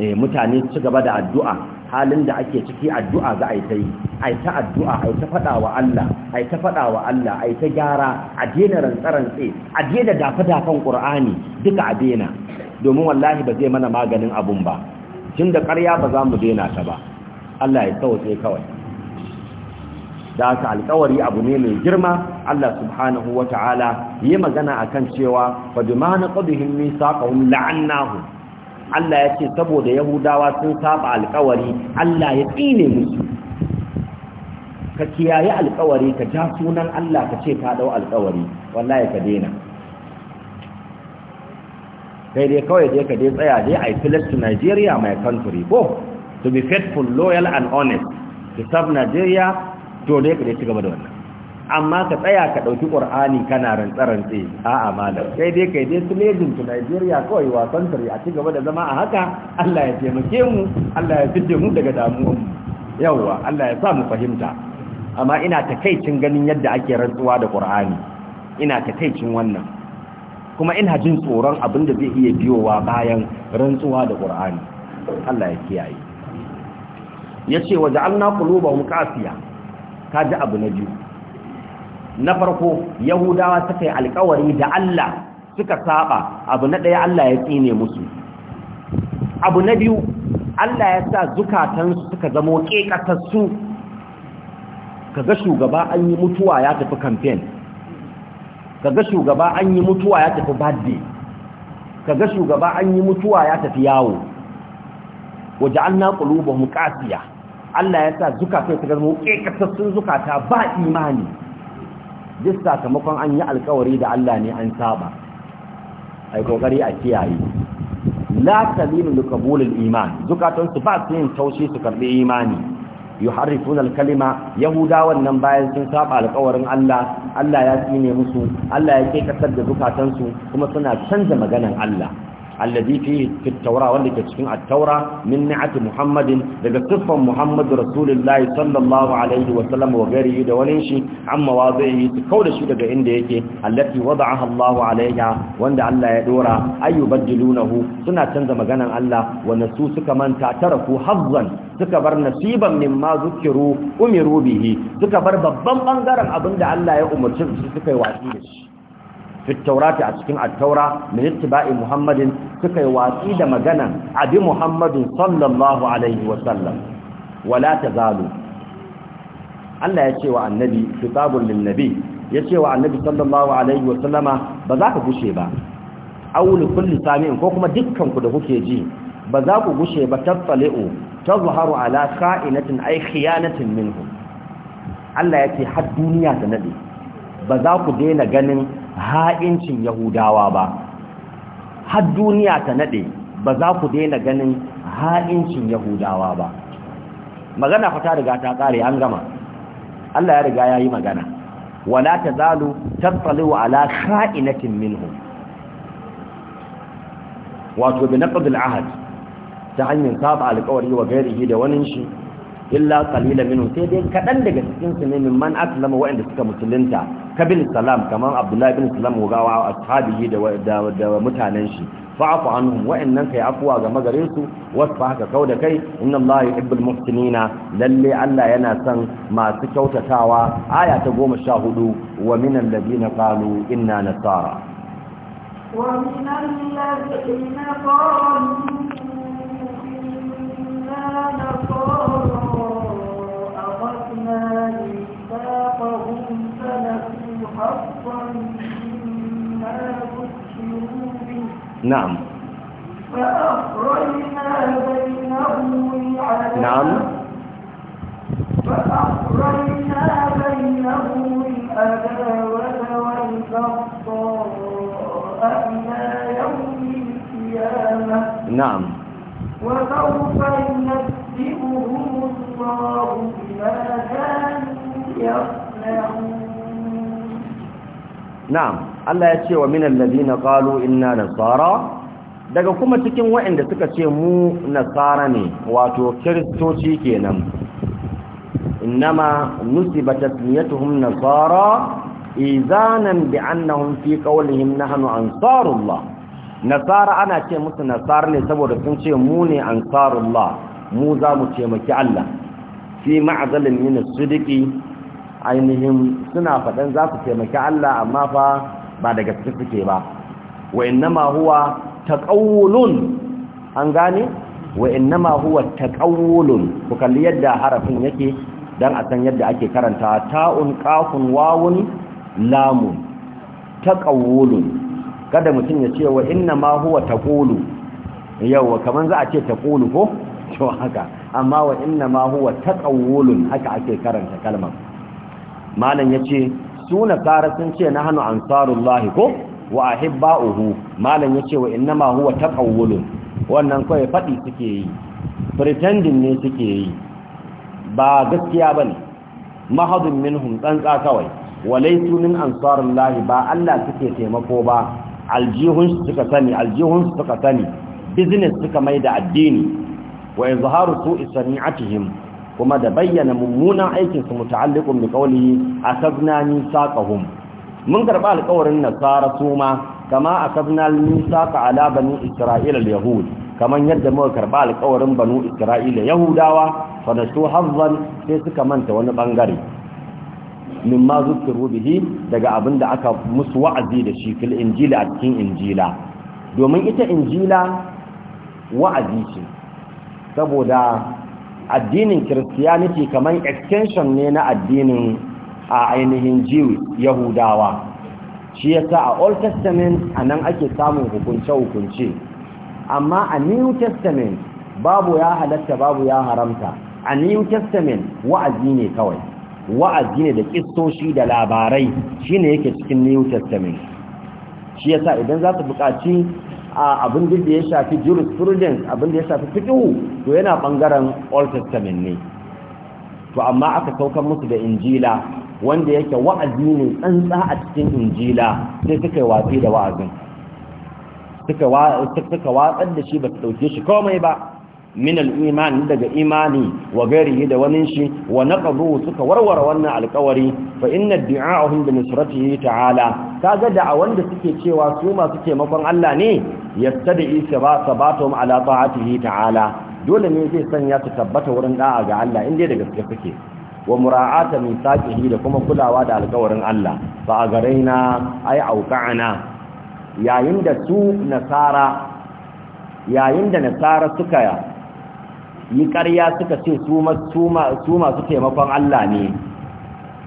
eh mutane ci gaba da addu'a halin da ake ciki addu'a za a yi ta yi a yi ta addu'a a yi ta faɗa wa Allah a yi ta faɗa wa Allah a ta gyara a daina rantsarantse a daina dafa-dafan ƙur'ani duka a daina domin wallahi ba zai mana maganin abun ba tun da ƙarya ba za mu daina ta ba Allah ya tsawace kawai da haka alƙawari abu ne mai girma Allah subhanahu wa ta'ala yi magana akan cewa fa bima naqdihim mithaqahum la'annahu Allah ya ce saboda yahudawa sun saba alkawari Allah ya tsine musu ka kiyaye alkawari ka ja sunan Allah ka ce ka dau alkawari wallahi ka daina kai dai kawai dai ka dai tsaya dai I pledge to Nigeria my country ko to be faithful loyal and honest to serve Nigeria to dai ka dai ci gaba da wannan amma ka tsaya ka ɗauki ƙur'ani kana rantsarantse a amalar kai dai kai dai su tu Najeriya kawai wasan tare a ci gaba da zama a haka Allah ya taimake mu Allah ya fice mu daga damuwar mu yawwa Allah ya sa mu fahimta amma ina takaicin ganin yadda ake rantsuwa da ƙur'ani ina takaicin wannan kuma ina jin tsoron abin da zai iya biyowa bayan rantsuwa da ƙur'ani Allah ya kiyaye Ya ce yace waja'alna qulubahum ka ji abu na biyu na farko yahudawa suka yi alkawari da Allah suka saba abu na ɗaya Allah ya tsine musu abu na biyu Allah ya sa zukatansu suka zamo ƙeƙatassu kaga shugaba an yi mutuwa ya tafi campaign kaga shugaba an yi mutuwa ya tafi birthday kaga shugaba an yi mutuwa ya tafi yawo waja'alna qulubuhum qasiya Allah ya sa zukatansu suka zamo ƙeƙatassun zukata ba imani duk sakamakon an yi alkawari da Allah ne an saba ai kokari a kiyaye la talimu liqabul iman zukatan ba su yin taushi su karbi imani yuharrifun al-kalima yahudawan nan bayan sun saba alkawarin Allah Allah ya tsine musu Allah ya kasar da zukatan su kuma suna canza maganan Allah alladhi fihi fi taura wanda ke cikin at-taura min ni'ati muhammadin daga siffan muhammadu rasulullahi sallallahu alaihi wa sallam wa gari da wani shi amma wazihi ta kauda shi daga inda yake allati wada'aha Allah alaiha wanda Allah ya dora ayyubaddilunahu suna canza maganan Allah wa nasu suka manta taraku hazzan suka bar nasiban mimma zukiru umiru bihi suka bar babban bangaren abinda Allah ya umarci su suka yi watsi da shi fi taurati a cikin at-taura min ittiba'i muhammadin suka yi watsi da magana abi muhammadin sallallahu alaihi wa sallam wala tazalu Allah ya ce wa annabi kitabul lin nabi ya ce wa annabi sallallahu alaihi wa sallama ba za ka gushe ba awul kulli sami'in ko kuma dukkan ku da kuke ji ba za ku gushe ba tattale'u tazharu ala kha'inatin ay khiyanatin minhum Allah ya ce har duniya ta nade ba za ku daina ganin ha'incin yahudawa ba har duniya ta nade ba za ku daina ganin ha'incin yahudawa ba magana fata riga ta kare an gama Allah ya riga yayi magana wala ta tazalu wa ala kha'inatin minhum wato bi naqd al ta hanyar saba alƙawari wa gairihi da wani shi illa kalila minhu sai dai kadan daga cikin su ne min man aslama wa'anda suka musulunta kabil salam kamar abdullahi bin salam gawa ashabihi da da mutanen shi fa'fu anhum wa'annan kai afwa ga magare su wasfa haka kau da kai inna allaha yuhibbul muhsinina lalle allah yana son masu kyautatawa aya ta 14 wa minal na qalu inna nasara ومن الذين قالوا إنا نصارى نعم فأخرجنا بينهم نعم فأخرجنا بينهم والبغضاء إلى يوم القيامة نعم وسوف ينبئهم الله بما كانوا يفعلون na'am Allah ya ce wa minal ladina qalu inna nasara daga kuma cikin waɗanda suka ce mu nasara ne wato kiristoci kenan innama nusiba tasmiyatuhum nasara izanan bi annahum fi qawlihim nahnu ansarullah nasara ana ce musu nasara ne saboda sun ce mu ne ansarullah mu za mu taimaki Allah fi ma'azalin min as-sidiqi ainihin suna faɗan za su taimaki Allah amma fa ba da gaske suke ba wa innama huwa taqawulun an gane wa innama huwa taqawulun ku kalli yadda harafin yake dan a san yadda ake karanta ta'un qafun wawun lamun taqawulun kada mutum ya ce wa innama huwa taqulu yawa kaman za a ce taqulu ko to haka amma wa innama huwa taqawulun haka ake karanta kalmar malam yace su nasara sun ce na hannu ansarullahi ko wa ahibba'uhu malam yace wa innama huwa taqawwul wannan kawai fadi suke yi pretending ne suke yi ba gaskiya bane mahadun minhum tsantsa kawai walaysu min ansarullahi ba Allah suke taimako ba aljihun suka sani aljihun suka sani business suka mai da addini wa izharu su'i sani'atihim kuma da bayyana mummunan aikinsu su muta'alliqun bi qawlihi akazna misaqahum mun karba alƙawarin nasara suma kama akazna misaqa ala bani isra'ila al-yahud kaman yadda muka karba alƙawarin banu isra'ila yahudawa fa nasu hazzan sai suka manta wani bangare mimma zukiru bihi daga abin da aka musu wa'azi da shi fil injila a cikin injila domin ita injila wa'azi ce saboda addinin kiristiyaniti kamar extension ne na addinin a ainihin jew yahudawa shi yasa a old testament a nan ake samun hukunce-hukunce amma a new testament babu ya halatta babu ya haramta a new testament wa'azi ne kawai wa'azi ne da kistoshi da labarai shine yake cikin new testament shi yasa idan za su buƙaci abin da ya shafi jurisprudence abin da ya shafi fiqhu to yana bangaren old testament ne to amma aka saukar musu da injila wanda yake wa'azi ne tsantsa a cikin injila sai suka yi watsi da wa'azin suka watsar da shi ba su ɗauke shi komai ba min al daga imani wa gairihi da wani shi wa naqadu suka warware wannan alƙawari fa inna du'a'ahum bi nusratihi ta'ala ga da a wanda suke cewa su masu taimakon Allah ne Isa yastadi sabatuhum ala ta'atihi ta'ala dole ne zai sanya su tabbata wurin da'a ga Allah inda da gaske suke wa mura'ata mithaqihi da kuma kulawa da alƙawarin Allah fa agaraina ay auqa'ana yayin da su nasara yayin da nasara suka yi ƙarya suka ce su masu taimakon Allah ne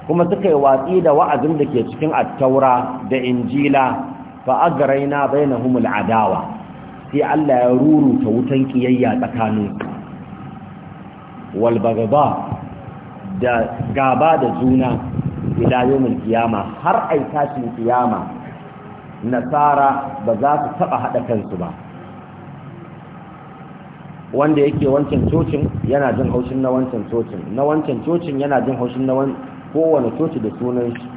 kuma suka yi watsi da wa'azin da ke cikin attaura da injila fa na humul adawa sai Allah ya ruruta wutan kiyayya tsakanin wal da gaba da juna ila yawmul kiyama har ai tashin kiyama nasara ba za su taɓa haɗa kansu ba wanda yake wancan cocin yana jin haushin na wancan cocin na wancan cocin yana jin haushin na kowane coci da sunan shi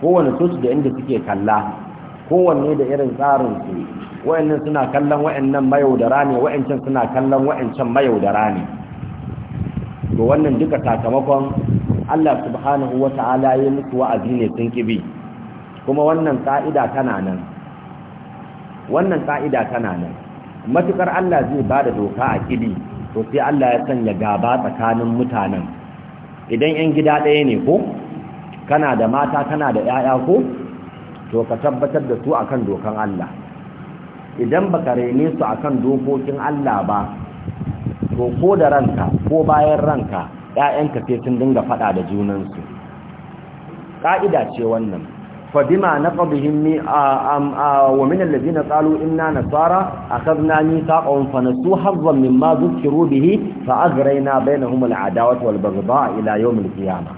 kowane coci da inda suke kalla kowanne da irin tsarin su wayannan suna kallon wayannan mayaudara ne wayancan suna kallon wayancan mayaudara ne to wannan duka sakamakon Allah subhanahu wata'ala ya miki wa'azi ne sun kibi kuma wannan ka'ida tana nan wannan ka'ida tana nan matukar Allah zai ba da doka a kidi to sai Allah ya sanya gaba tsakanin mutanen idan yan gida ɗaya ne ko kana da mata kana da 'ya'ya ko to ka tabbatar da su akan dokan Allah idan baka rene su akan dokokin Allah ba to ko da ranka ko bayan ranka 'ya'yanka sai sun dinga faɗa da junansu ƙa'ida ce wannan فبما نقضهم ومن الذين قالوا إنا نصارى أخذنا ميثاقهم فنسوا حظا مما ذكروا به فأغرينا بينهم العداوة والبغضاء a يوم القيامة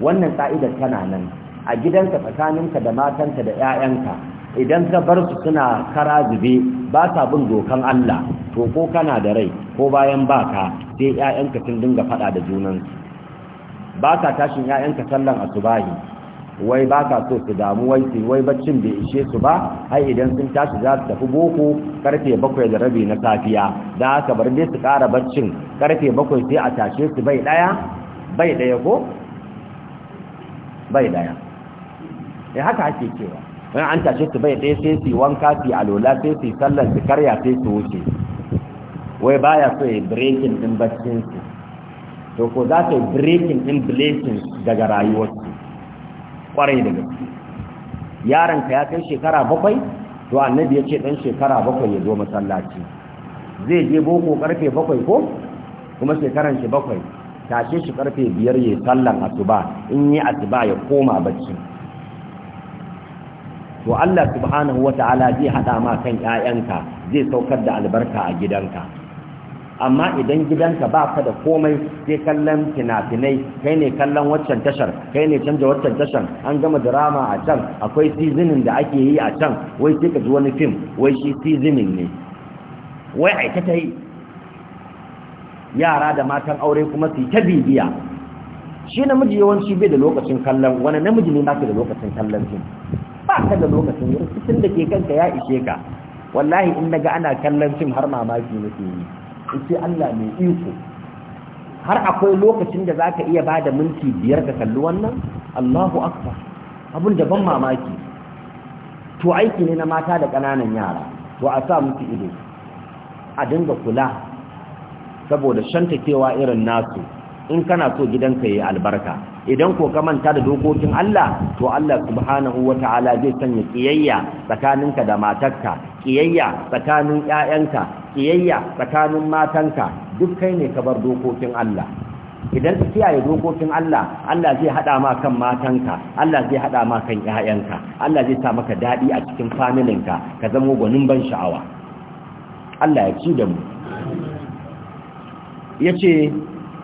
wannan ka'idar tana nan a gidanka tsakaninka da matanka da 'ya'yanka idan ka bar su suna kara zube ba sa bin dokan Allah to ko kana da rai ko bayan baka sai 'ya'yanka sun dinga faɗa da junansu ba sa tashin 'ya'yanka sallan asubahi wai ba ka so su damu wai su wai baccin bai ishe su ba ai idan sun tashi za su tafi boko karfe bakwai da rabi na safiya da haka bar dai su kara baccin karfe bakwai sai a tashe su bai daya bai daya ko bai daya eh haka ake cewa in an tashe su bai daya sai su wanka su alola sai su sallar su karya sai su wuce wai baya so ya breaking din baccin su to ko za ta breaking din blessings daga rayuwarsu kwarai da gaske yaronka ya kai shekara bakwai to annabi ya ce dan shekara bakwai ya zo masallaci zai je boko karfe bakwai ko kuma shekaran shi bakwai tashe shi karfe biyar ya sallan asuba in yi asuba ya koma bacci to Allah subhanahu wata'ala zai hada ma kan ƴaƴanka zai saukar da albarka a gidanka amma idan gidanka ba ka da komai sai kallon finafinai, kai ne kallon waccan tashar kai ne canja waccan tashar an gama drama a can akwai seasoning da ake yi a can wai sai ka ji wani fim wai shi seasoning ne wai aikata yi yara da matan aure kuma su ta bibiya shi namiji yawanci bai da lokacin kallon wani namiji ne naka da lokacin kallon fim ba ka da lokacin rikicin da ke kanka ya ishe ka wallahi in naga ana kallon fim har mamaki nake yi ce Allah mai iko har akwai lokacin da zaka iya ba da minti biyar ka kalli wannan Allahu akbar abun da ban mamaki to aiki ne na mata da ƙananan yara to a sa musu ido a dinga kula saboda shantakewa irin nasu in kana so gidanka yayi albarka idan ko ka manta da dokokin Allah to Allah subhanahu wataala zai sanya kiyayya tsakaninka da matarka kiyayya tsakanin ƴaƴanka kiyayya tsakanin matanka duk kai ne ka bar dokokin Allah idan ka kiyaye dokokin Allah Allah zai hada ma kan matanka Allah zai hada ma kan ƴaƴanka Allah zai sa maka dadi a cikin familinka ka zama gwanin ban sha'awa Allah ya ci da mu yace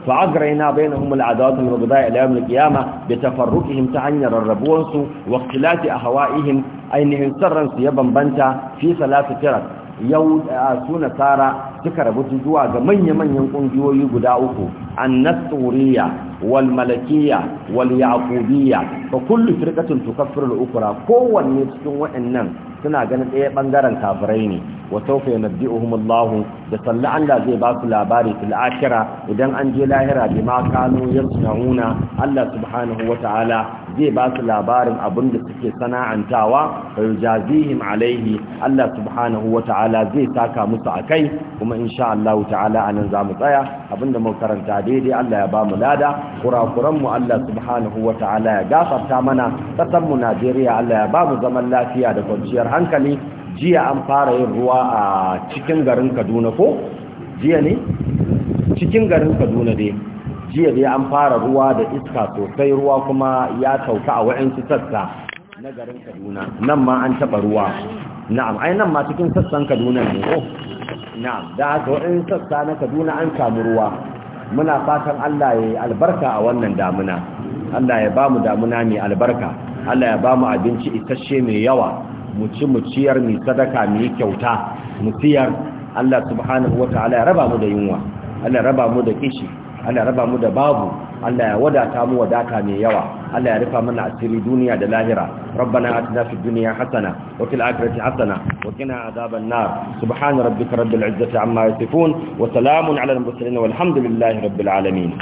فأجرينا بينهم العداوة والبغضاء إلى يوم القيامة بتفرقهم تعني رربوانسو واختلاف أهوائهم أينهم سرا سيبا بنتا في ثلاث فرق yau su nasara suka rabu zuwa ga manya-manyan ƙungiyoyi guda uku annasturiya walmalakiya walyaqubiya fa kullu firqatin tukaffiru al-ukra kowanne cikin waɗannan suna ganin ɗaya ɓangaren kafirai ne wa sawfa yanbi'uhum Allah da salla Allah zai ba su labari fil idan an je lahira bi ma kanu yasnauna Allah subhanahu wa ta'ala zai ba labarin abun da suke sana'antawa fa yujazihim alayhi Allah subhanahu wa ta'ala zai saka musu a kai kuma insha Allah ta'ala anan zamu tsaya abinda mu karanta daidai Allah ya bamu lada kurakuranmu mu Allah subhanahu ta'ala ya gafarta mana ƙasarmu Najeriya Allah ya bamu zaman lafiya da kwanciyar hankali jiya an fara yin ruwa a cikin garin Kaduna ko jiya ne cikin garin Kaduna dai jiya dai an fara ruwa da iska sosai ruwa kuma ya tauka a wa'ansu sassa na garin Kaduna nan ma an taba ruwa na'am ai nan ma cikin sassan Kaduna ne ko na'am da haka in sassa na Kaduna an samu ruwa muna fatan Allah ya albarka a wannan damuna Allah ya ba mu damuna mai albarka Allah ya ba mu abinci isasshe mai yawa mu ci mu ciyar mai sadaka mu kyauta mu siyar Allah subhanahu wataala ya raba mu da yunwa Allah raba mu da kishi Allah raba mu da babu Allah ya wadata mu wadata mai yawa Allah ya rufa mana asiri duniya da lahira rabbana atina fid dunya hasana wa fil akhirati hasana wa qina adhaban nar subhana rabbika rabbil izzati amma yasifun wa salamun ala al mursalin walhamdulillahi rabbil alamin